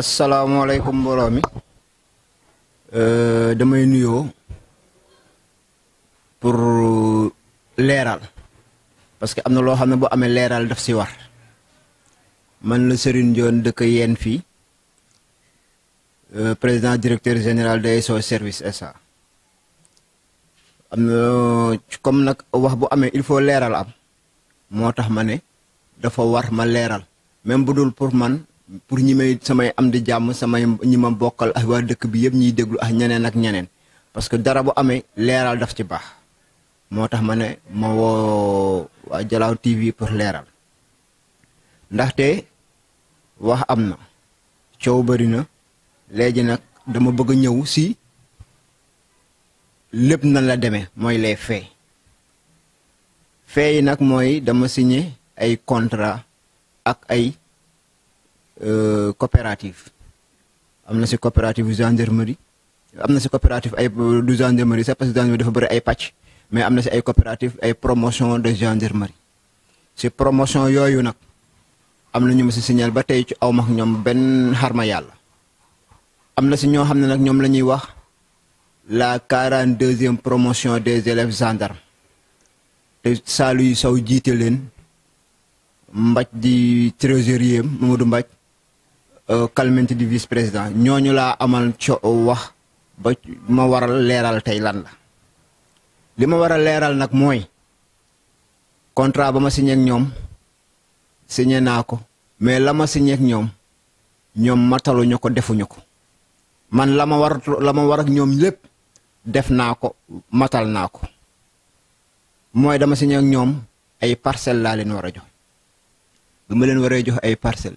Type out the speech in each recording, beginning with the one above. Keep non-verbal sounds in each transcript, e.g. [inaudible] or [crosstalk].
Assalamualaikum warahmatullahi wabarakatuh. Eh, damay nuyo pour Leral, parce que amna lo xamne bo amé leral daf ci war man le Serigne ke yenn fi euh président directeur général de SOS service SA am comme nak wax bu amé il faut Leral am motax mané dafa war ma leral même budul pour man pour ñi may samay am di jàmm samay ñi ma bokkal ak waa dëkk bi yëpp ñiy déglu ak ñeneen ak ñeneen parce que dara bu amee leeral daf ci baax moo tax ma ne ma woo waa Dialaw TV pour leeral ndaxte wax am na coow bari na léegi nag dama bëgg a ñëw si lépp nan la demee mooy les faits faits nag mooy dama signé ay contrat ak ay Euh, coopérative Amna na coopérative gendarmerie Amna na coopérative ay du gendarmerie C'est parce que gendarmerie dafa bëri ay mais amna na ay coopérative ay promotion de gendarmerie Ces promotion yoyou nag am na ñu ma signal ba tay ci aw ma ak ñoom benn xarma yàlla am la 42 wax la 42e promotion des élèves gendarmes te Saalu yu Sow jiite leen di trésorier Mamadou Mbaj kalmenti euh, di vice president ñooñu la amal mawar wax ba ma war leral leeral lan la li ma leral nak leeral nag mooy contrat ba signé ak ñom signé nako mais lama signé ak ñom ñom matalu defu ñuko man lama war lama war ak ñom lepp def nako matal nako moy dama signé ak ñom ay parcelle la leen wara jox bima leen jox ay parcelle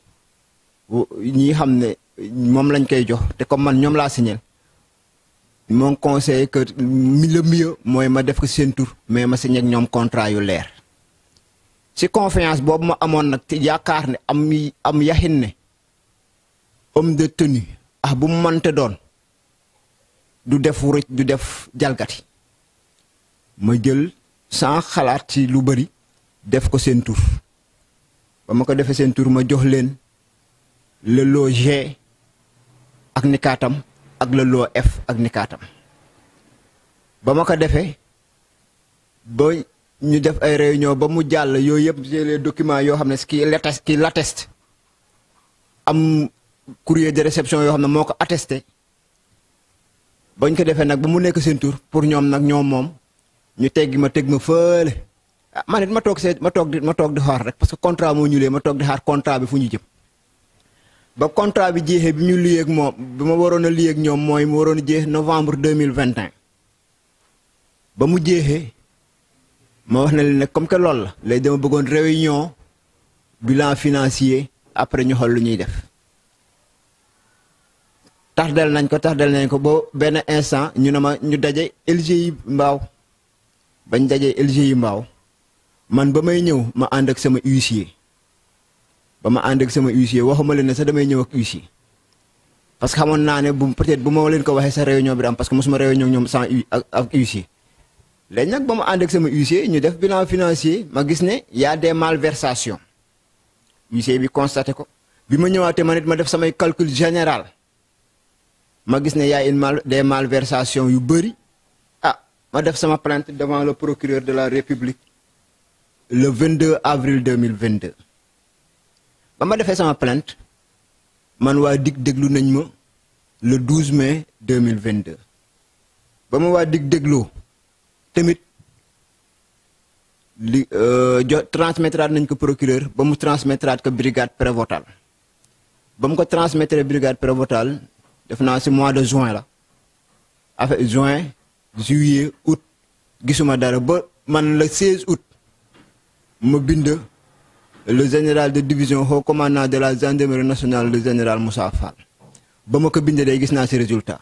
ni hamne mom lañ koy jox te comme man ñom la signal mon conseil que le mieux moy ma def ko sen tour mais ma signé ak ñoom contrat yu lèr ci confiance bobu ma amone nak te yaakaar ne am am yahin ne homme de tenue ah bu mu doon du def du def jalgati ma jël sans xalaat ci lu bari def ko sen tour ba ma ko defé sen tour ma jox len le lot G ak nikaatam ak le F ak nikaatam ba ma ko defee ba ñu def ay réunion ba mu jàll yooyu yëpp j'ai les yoo xam ne qui l'atteste qui l'atteste am courrier de réception yoo xam ne moo ko attesté bañ ko defee nag ba mu nekk seen tur pour ñoom nag ñoom moom ñu teggi ma teg ma fële a ah, man it ma toog see ma toog di ma toog di xaar rek parce que contrat moo ñuulee ma toog di xaar contrat bi fu ñu jëm. ba contrat bi jeexee bi ñu liyeeg moom bi ma waroon a liyeeg ñoom mooy mu waroon a jeex novembre deux mille vingt et ba mu jeexee ma wax na leen nag comme que loolu la léegi dama bëggoon réunion bilan financier après ñu xool lu ñuy def taxdal nañ ko taxdal nañ ko ba benn instant ñu ne ma ñu daje LGI mbaaw bañ daje LGI mbaaw man ba may ñëw ma ànd ak sama huissier ba ma ànd ak sama huissier waxuma leen ne sax damay ñëw ak huissier parce que xamoon naa ne bu peut-être bu ma leen ko waxee sa réunion bi am parce que mosuma réunion ñoom sans ak ak huissier léegi nag ba ma ànd ak sama huissier ñu def bilan financier ma gis ne y a des malversations huissier bi constaté ko bi ma ñëwaatee man it ma def samay calcul général ma gis ne yaa a une mal des malversations yu bëri ah ma def sama plante devant le procureur de la république le 22 avril 2022. Quand j'ai fait sama plainte man dit dig le 12 mai 2022 Je ma dit dig dégloo tamit li euh, jo transmettre à procureur je transmettre à ko brigade prévotale. Je mu ko la brigade prévotale, c'est le mois de juin là. juin juillet août gisuma dara ba man le 16 août ma le général de division haut commandant de la gendarmerie nationale le général Moussa Fall ba ma ko bindee day gis naa si résultat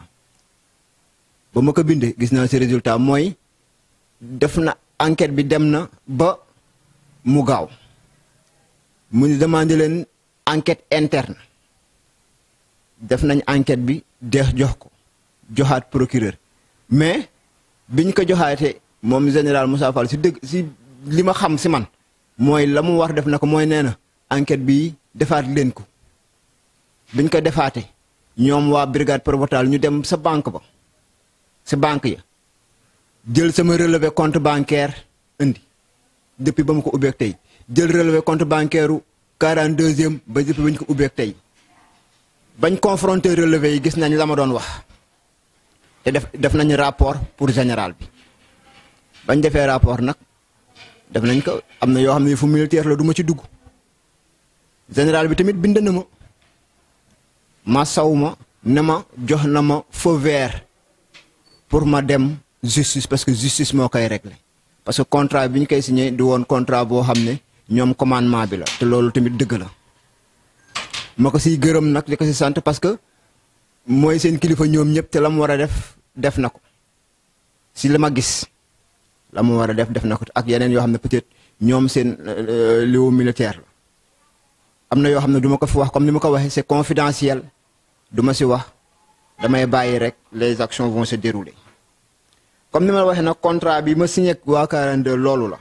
ba ma ko bindee gis naa si résultat enquête bi demna ba mu gaw mu demandé len enquête interne def nañ enquête bi deex jox ko joxaat procureur mais biñ ko joxaté mom général Moussa Fall si deug si lima xam si man mooy la mu war def na ko mooy nee na enquête bi defaat leen ko biñ ko defaate ñoom waa brigade prévôtale ñu dem sa banque ba si banque yi jël sama relevé compte bancaire indi depuis ba mu ko ubbeek tey jël relevé compte bancaire u quarante deuxième ba depuis ba ñu ko ubbeek tey bañ confronté relevé yi gis nañ la ma doon wax te def def nañ rapport pour général bi bañ defee rapport nag def nañ ko am na yoo xam ne fu militaire la du ma ci dugg général bi tamit bind na ma ma saw ma ne ma jox na ma feu vert pour ma dem justice parce que justice moo koy regle parce que contrat bi ñu koy signé di woon contrat boo xam ne ñoom commandement bi la te loolu tamit dëgg la ma ko si gërëm nag di ko si sant parce que mooy seen kilifa ñoom ñëpp te la mu war a def def na ko si la ma gis la mu war a def def na ko ak yeneen yoo xam ne peut-être ñoom seen liwu euh, militaire la am na yoo xam ne duma ko fi wax comme ni ma ko waxee c'est confidentiel duma si wax damay bàyyi rek les actions vont se dérouler comme ni ma waxee na contrat bi ma si ak waa 42 loolu la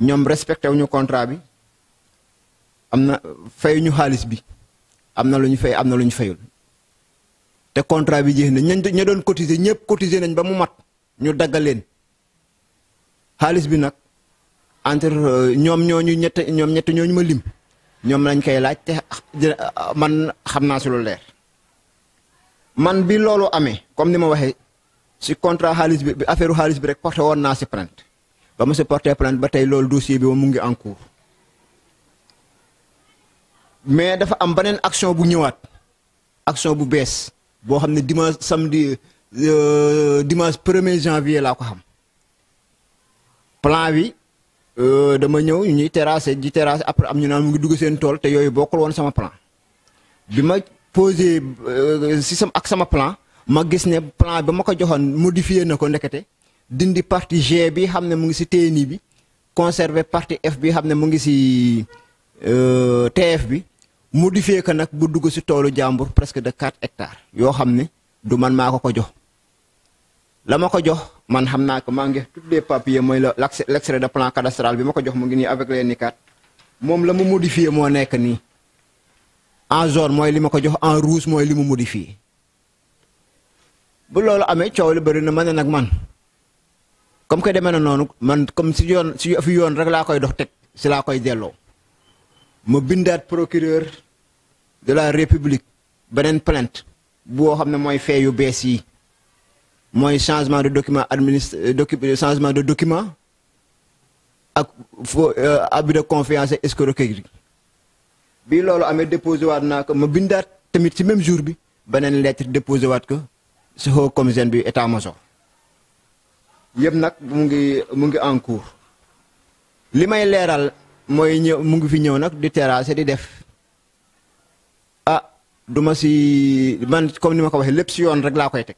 ñoom respecté wuñu contrat bi am na fayuñu xaalis bi am na lu ñu fay am na lu ñu fayul te contrat bi jeex na ña doon cotiser ñëpp cotiser nañ ba mu mat ñu daggal leen xaalis bi nak entre euh, ñom ñoñu ñet ñom ñet ñoñu ma lim ñom lañ kay laaj te ah, ah, man xamna su lu leer man bi lolu kom comme nima waxé ci si contrat xaalis bi affaire xaalis bi rek porté won na ci plainte ba ma si porté plainte ba tay lolu dossier bi mo ngi en cours mais dafa am benen action bu ñëwaat action bu bees bo xamné dimanche samedi euh, dimanche 1er janvier la ko xam plan wi euh, dama ñew ñuy terrasser di terrasser après am ñu naan mu ngi dugg seen tol te yoy bokul won sama plan Bima ma posé euh, si sama ak sama plan ma gis ne plan bi mako joxone modifier nako na ndekete dindi partie G bi xam mu ngi ci TNI bi conserver partie F bi xam mu ngi si euh, TF bi modifier ko nak bu dugg ci tolu jambour presque de 4 hectares yo xam du man mako ko ko jox la ma ko jox man xam naa ko maa ngi tous les papiers mooy la l'extrait de plan cadastral bi ma ko jox mu ngi nii avec les moom la mu modifié moo nekk nii en jaune mooy li ma ko jox en rouge mooy li mu modifié bu loolu amee coow la bëri na ma ne nag man comme que demee na noonu man comme si yoon si fi yoon rek laa koy dox teg si laa koy delloo ma bindaat procureur de la république beneen plainte boo xam ne mooy fee yu bees yi mooy changement de document administre euh, euh, changement de document ak fo euh, abus de confiance et escroquerie bii loolu amee déposé waat naa ko ma bindaat tamit si même jour bi beneen lettre déposé waat ko si comme commissaire bi état major yëpp nag mu ngi mu ngi en cours li may leeral mooy ñëw mu ngi fi ñëw nag di terrasser di def ah duma si man comme ni ma ko waxee lépp si yoon rek laa koy teg.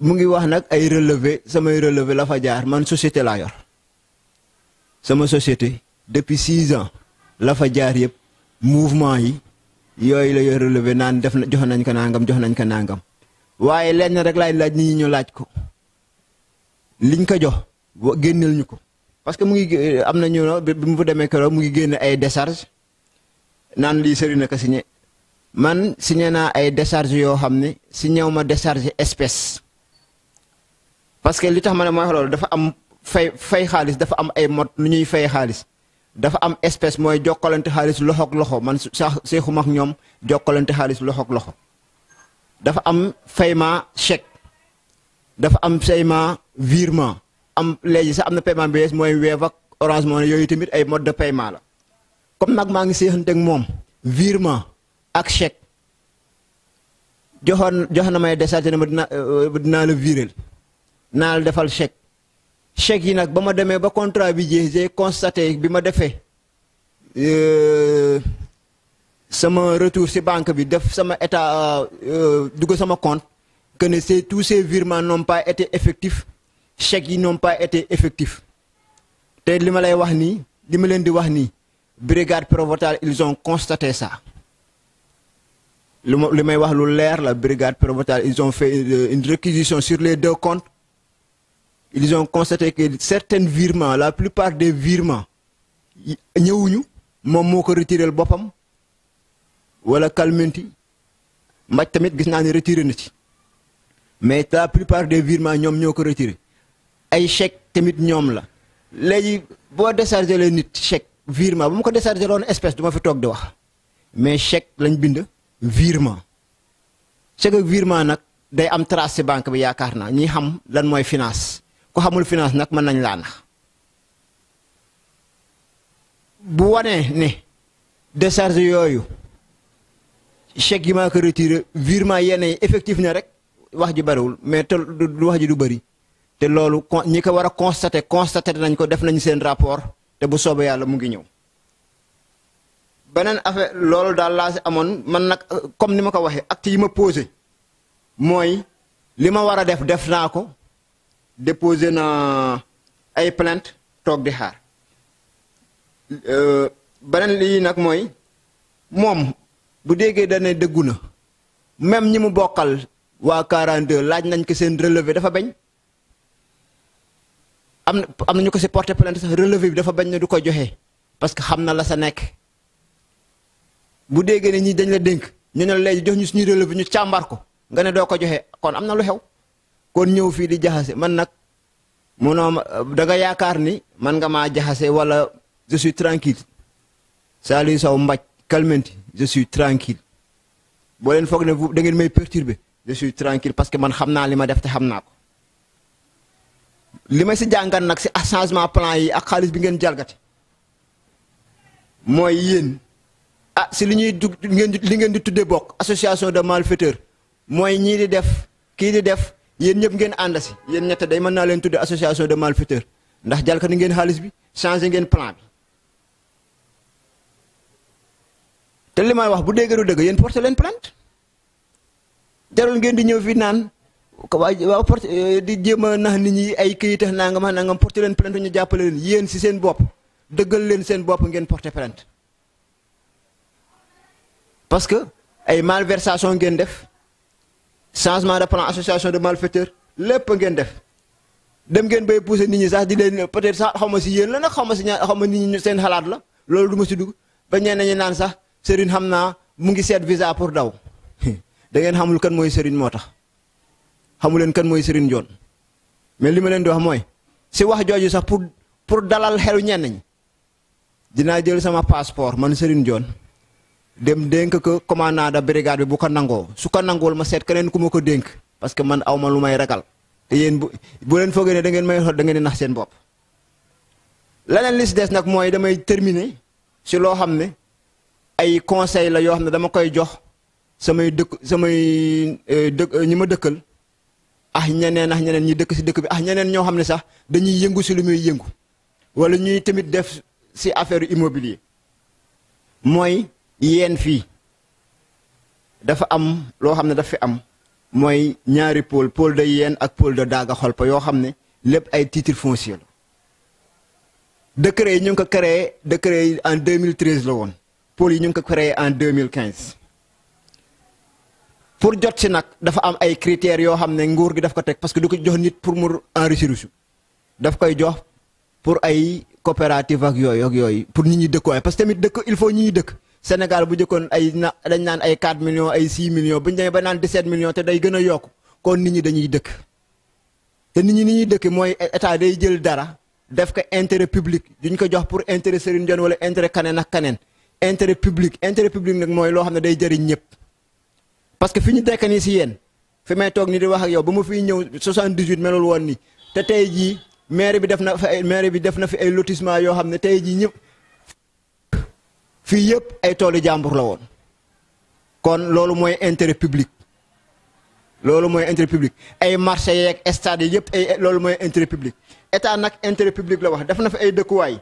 mu ngi wax nag ay relevé samay relevé la fa jaar man société laa yor sama société depuis six ans la fa jaar yëpp mouvement yi yooyu la yor relevé naan def na jox nañ ko nangam jox nañ ko nangam waaye lenn rek laay laaj nit ñi laaj ko liñ ko jox génneel ñu ko. parce que mu ngi am na ñu bi mu fa demee keroog mu ngi génne ay décharge naan lii sëriñ si signé man signé naa ay décharge yoo xam ne si wu ma décharge espèce. parce que li tax ma ne mooy loolu dafa am fay fay xaalis dafa am ay mot nu ñuy fay xaalis dafa am espèce mooy jokkalante xaalis loxo ak loxo man sax seexuma ak ñoom jokkalante xaalis loxo loxo dafa am paiement chèque dafa am paiement virement am léegi sax am na paiement bi mooy Wave ak Orange Money yooyu tamit ay mode de paiement la comme nag maa ngi seexanteeg moom virement ak chèque joxoon jox na may desate ne ma dina euh, dinaa la viréel nal defal chèque chèque yi nag ba ma demee ba contrat bi jeex j'ai constaté bi ma defee euh, sama retour ci banque bi def sama état euh, euh, dugg sama compte que ne c'est tous ces virements n'ont pas été effectifs chèques yi n'ont pas été effectifs te li ma lay wax nii li ma leen di wax nii brigade provotale ils ont constaté ça li ma li may wax lu leer la brigade provotale ils ont fait une réquisition sur les deux comptes ils ont constaté que certains virements la plupart des virements ñëwuñu mom moko retirer bopam wala kalmenti mbaj tamit gis naa ne retiré na ci mais la plupart des virements ñom ñoko retirer ay chèque tamit ñom la léegi bo décharger le nit chèque virement bu ma ko déchargé espèce duma fi tok di wax mais chèque lañ bind virement chèque virement nak day am trace ci banque bi yaakaar ñi xam lan moy finance ku xamul finance nag mën nañ laa nax bu wanee ne décharge yooyu chèque yi maa ko retiré virement yenn yi effectif na rek wax ji bariwul mais te du wax ji du bëri te loolu ñi ko war a constaté constaté nañ ko def nañ seen rapport te bu soobee yàlla mu ngi ñëw beneen affaire loolu daal laa si amoon man nag comme ni ma ko waxee acte yi ma posé mooy li ma war a def def naa ko déposé dans les plainte tok di euh, benen li nak moy mom bu dégué dañé dégguna même ñi mu bokal wa 42 laaj nañ ko relevé dafa bañ am am ko plainte relevé bi dafa bañ ne du parce que xamna la sa nek bu dégué ni ñi dañ la dénk ñu ne lay jox ñu suñu relevé ñu ko nga kon kon ñew fi di jaxase man nak mono da nga yaakar ni man nga ma jaxase wala je suis tranquille salut saw mbacc kalmenti je suis tranquille bo len fogné ne da ngeen may perturber je suis tranquille parce que man xamna lima def te xamna ko limay ma si nak ci changement plan yi ak xaliss bi ngeen jalgati moy yeen ah ci li ñuy dug ngeen li ngeen di tuddé bok association de malfaiteurs moy ñi di def ki di def yen ñep ngeen andasi si yéen day mën naa leen tuddi association de malfaiteurs ndax jàll ni ngeen xaliss bi changer ngeen plan bi te limay budega wax bu dégg du dëgg yéen leen plainte jarul ngeen di ñëw fi naan ko wa euh, di jema nax nit ñi ay këyit ak nangam ak nangam porter leen plainte ñu jàppale leen yéen ci seen bop dëggal leen seen bop ngeen porter plainte parce que ay malversation ngeen def changement de plan association de malfaiteurs lépp ngeen def dem ngeen bay pousser nit ñi sax di leen peut-être sax xaw ma si yéen la nag xaw ma si ña xaw ma nit ñi seen xalaat la loolu du ma si dugg ba ñenn ñi naan sax Serigne xam naa mu ngi seet visa pour daw [laughs] da ngeen xamul kan mooy Serigne moo tax xamu leen kan mooy Serigne Joon mais li ma leen di wax mooy si wax jooju sax pour pour dalal xel ñenn ñi dinaa jël sama passeport man Serigne Joon dem dénk ko commandant de brigade bi bu ko nangoo su ko nanguwul ma seet keneen ku ma ko dénk parce que man aw ma lu may ragal te yéen bu bu leen foogee ne da ngeen may xol da ngeen di nax seen bopp. leneen li si des nag mooy damay terminer si loo xam ne ay conseil la yoo xam ne dama koy jox samay dëkk samay euh, dëkk ñi ma dëkkal ah ñeneen ah ñeneen ñi dëkk si dëkk bi ah ñeneen ñoo xam ne sax dañuy yëngu si lu muy yëngu walla ñuy tamit def si affaire immobilier mooy. yéen fii dafa am loo xam ne dafa fi am mooy ñaari pôle pôle day yéen ak pôle de daaga xolpa yoo xam ne lépp ay titre foncier la décret yi ñu ngi ko créé décret yi en 2013 la woon pôle yi ñu ngi ko créé en 2015 pour jot si nag dafa am ay critères yoo xam ne nguur gi daf ko teg parce que du ko jox nit pour mu enrichir su daf koy jox pour ay coopérative ak yooy ak yooyu pour nit ñi dëkkuwaay parce que tamit dëkk il faut ñi ñuy dëkk. Sénégal bu njëkkoon ay na dañ naan ay 4 millions ay 6 millions bu ñu demee ba naan 17 millions te day gën a yokk kon nit ñi dañuy dëkk te nit ñi ni ñuy dëkk mooy état day jël dara def ko intérêt public ñu ko jox pour intérêt Serigne Ndione wala intérêt kaneen ak kaneen intérêt public intérêt public nag mooy loo xam ne day jëriñ ñëpp parce que fi ñu dekk nii si yéen fi may toog ni di wax ak yow ba mu fiy ñëw 78 melul woon nii te tey jii maire bi def na fa maire bi def na fi ay lotissement yoo xam ne tey jii ñëpp. fii yëpp ay toolu jàmbur la won kon lolu moy intérêt public lolu moy intérêt public ay marché yeeg stade yep ay lolu moy intérêt public état nak intérêt public la wax def na fi ay dëkkuwaay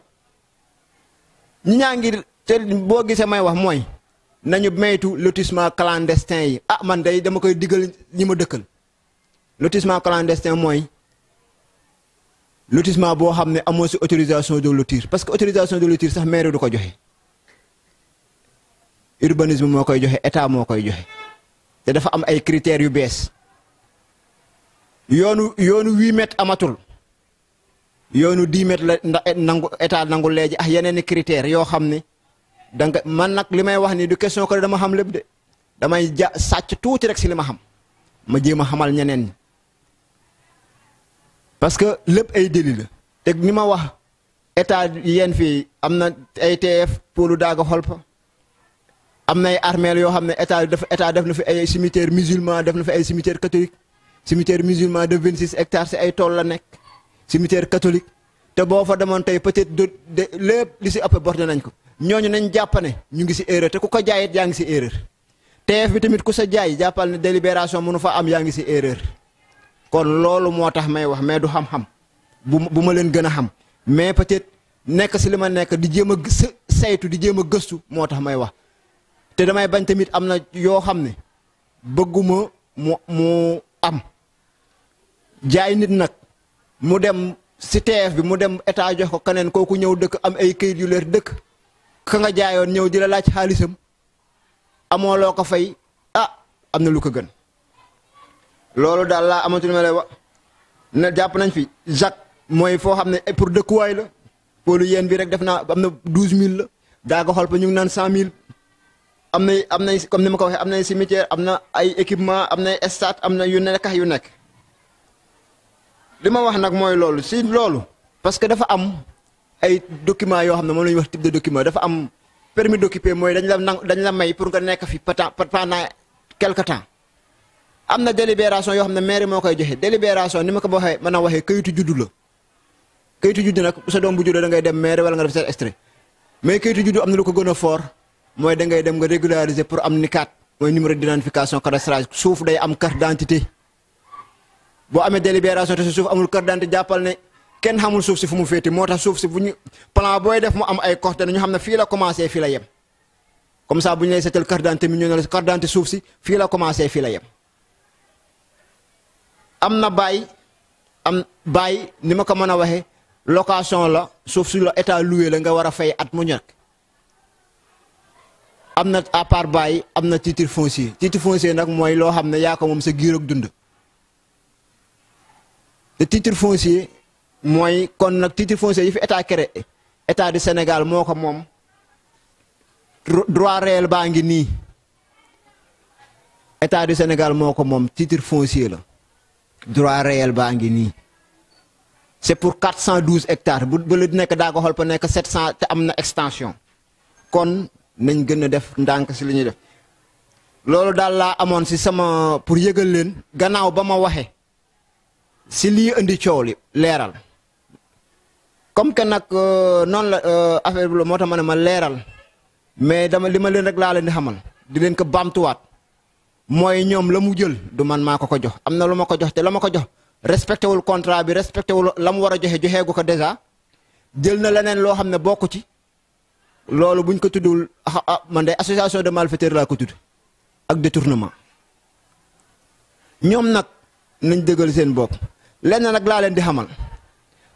ñi ñaa ngi te boo gisee may wax moy nañu maytu lotissement clandestin yi ah man day dama koy diggal ñima ma lotissement clandestin moy lotissement bo xam ne amoo autorisation de lotir parce que autorisation de lotir sax maire du ko joxe. urbanisme moo koy joxe état moo koy joxe te dafa am ay critères yu bees yoonu yoonu huit mètres amatul yoonu dix mètres la ndax nangu état nangu léegi ak yeneen i critères yoo xam ni danga man nag li may wax nii du question que dama xam lépp de damay ja sàcc tuuti rek si li xam ma jéem a xamal ñeneen ñi parce que lépp ay déli la te ni ma wax état yéen fii am na ay TF Poul Daaga Holpa. amna ay armel yo xam ne état def état def na fi ay cimetière musulman def na fi ay cimetière catholique cimetière musulman de 26 hectares ci ay tool la nek cimetière catholique te bo fa demone tay peut-être de lépp li ci ëpp bordé nañ ko ñoñu nañ jàppane ñu ngi ci erreur te ku ko jaayit ya ngi ci erreur TF bi tamit ku sa jaay jappal ne délibération mënu fa am ya ngi ci erreur kon loolu motax may wax mais du xam-xam bu ma leen gëna a xam mais peut-être nek ci lima nek di jema saytu di jema a gëstu moo may wax te damay bañ tamit am na yoo xam ne bëgguma mu mu am jaay nit nag mu dem si teef bi mu dem état jox ko keneen kooku ñëw dëkk am ay këyit yu leer dëkk ka nga jaayoon ñëw di la laaj xaalisam amoo loo ko fay ah am na lu ko gën loolu daal laa amatul ma lay ne jàpp nañ fi Jacques mooy foo xam ne eh, pour dëkkuwaay la poolu yéen bi rek def naa am na douze mille la daa ko xool pa ñu ngi naan cent mille am na am na comme ni ma ko waxee am na cimetière am na ay équipement am na stade am na yu nekk yu nekk li ma wax nag mooy loolu si loolu parce que dafa am ay documents yoo xam ne moom la wax type de document dafa am permis d'occuper mooy dañ la dañ la may pour nga nekk fi pendant quelque temps am na délibération yoo xam ne mairie moo koy joxe délibération ni ma ko waxee mën a waxee kayitu juddu la kayitu juddu nag sa doom bu juddoo da ngay dem mairie wala nga def seen extrait mais kayitu juddu am na lu ko gën a fort mooy da ngay dem nga régulariser pour am nikaat mooy numéro d'identification cadastrale suuf day am carte d'identité boo amee délibération te si suuf amul carte d'identité jàppal ne kenn xamul suuf si fu mu féete moo tax suuf si bu ñu plan booy def mu am ay coxte ñu xam ne fii la commencé fii la yem comme ça bu ñu lay seetal carte d'identité mi ñu ne la carte d'identité suuf si fii la commencé fii la yem am na baay am baay ni ma ko mën a waxee location la suuf su la état loué la nga war a fay at mu ñàkk amna à part bàyyi am titre foncier titre foncier nak moy lo xamne ya ko mom sa giir ak dund le titre foncier moy kon nak titre foncier yi fi état créé état du Sénégal moko mom droit réel baa ngi état du Sénégal moko mom titre foncier la droit réel baa ngi c'est pour 412 hectares bu le nek da ko xool pa nek 700 te amna extension kon nañ gën a def ndànk si li ñuy def loolu daal laa amoon si sama pour yëgal leen gannaaw ba ma waxe si lii indi coow li leeral comme que nag euh, noonu la euh, affaire bi la moo tax ma ne ma leeral mais dama li ma leen rek laa leen di xamal di leen ko baamtuwaat mooy ñoom la mu jël du man maa ko ko jox am na lu ma ko jox te la ma ko jox respecté wul contrat bi respecté wul la mu war a joxe joxeegu ko dèjà jël na leneen loo xam ne bokku ci loolu buñ ko tuddul ah, ah, man de association de malfaiteurs laa ko tudd ak détournement ñoom nag nañ dëgël seen bopp lenn nag laa leen di xamal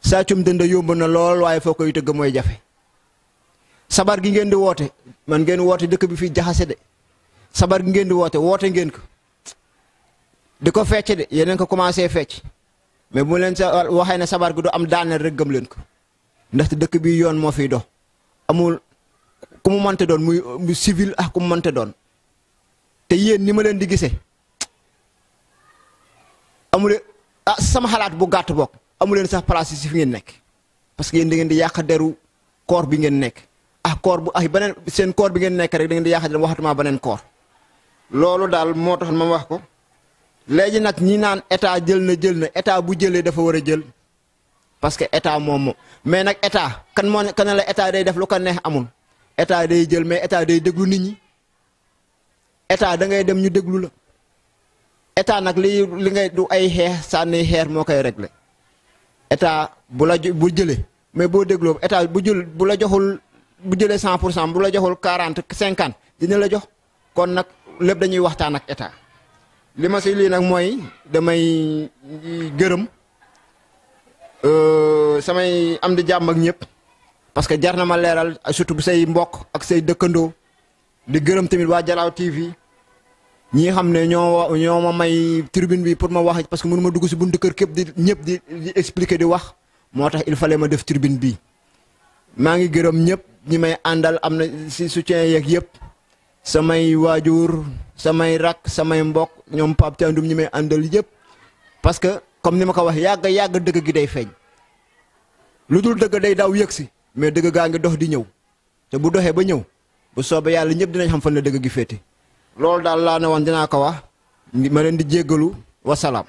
saccum dënd yomb na lool waaye foo koy tëgg mooy jafe sabar gi ngeen di woote man ngeen woote dëkk bi fi jaxase de sabar gi ngeen di woote woote ngeen ko di ko fecc de yeneen ko commencé fecc mais bu leen sa waxee na sabar gi du am daaneel rek gëm leen ko ndaxte dëkk bi yoon moo fiy doo amul ku mu mënte doon muy muy civil ah ku mu mënte doon te yéen ni ma leen di gisee amule ah sama xalaat bu gàtt book amu leen sax place si fi ngeen nekk parce que yéen da ngeen di yàq deru koor bi ngeen nekk ah koor bu ay ah, beneen seen koor bi ngeen nekk rek da ngeen di yàq deru waxatuma beneen koor loolu daal moo tax ma wax ko léegi nag ñi naan état jël na jël na état bu jëlee dafa war a jël parce que état moomu moo mais nag état kan moo ne kana la état day def lu ko neex amul. état day jël mais état day déglu nit ñi état da ngay dem ñu déglu la état nag li li ngay du ay xeex sànni xeer moo koy réglé état bu la bu jëlee mais boo dégloo état bu jël bu la joxul bu jëlee cent pour cent bu la joxul quarante cinquante dina la jox kon nag lépp dañuy waxtaan ak état li ma si lii nag mooy damay gërëm euh, samay am di jàmm ak ñëpp. parce que jarna ma leral surtout bu say mbok ak say dekkendo di geureum timit wa jalaw TV ñi xamne ne ñoo ñoo ma may tribune bi pour ma wax parce que mënu ma dugg ci buntu kër kep di ñep di di expliquer di wax motax il fallait ma def tribune bi ma ngi geureum ñep ñi may àndal am na si soutien yeeg yëpp samay wajur, samay rak samay mbok ñom pap Thiandoum ñi may andal yep parce que comme nima ko wax yag yag deug gi day feñ ludul deug day daw yeksi si mais dëgg gaa ngi dox di ñëw te bu doxee ba ñëw bu soobee yàlla ñëpp dinañ xam fa la dëgg gi féete loolu daal laa ne woon dinaa ko wax ma leen di jéggalu wasalaam.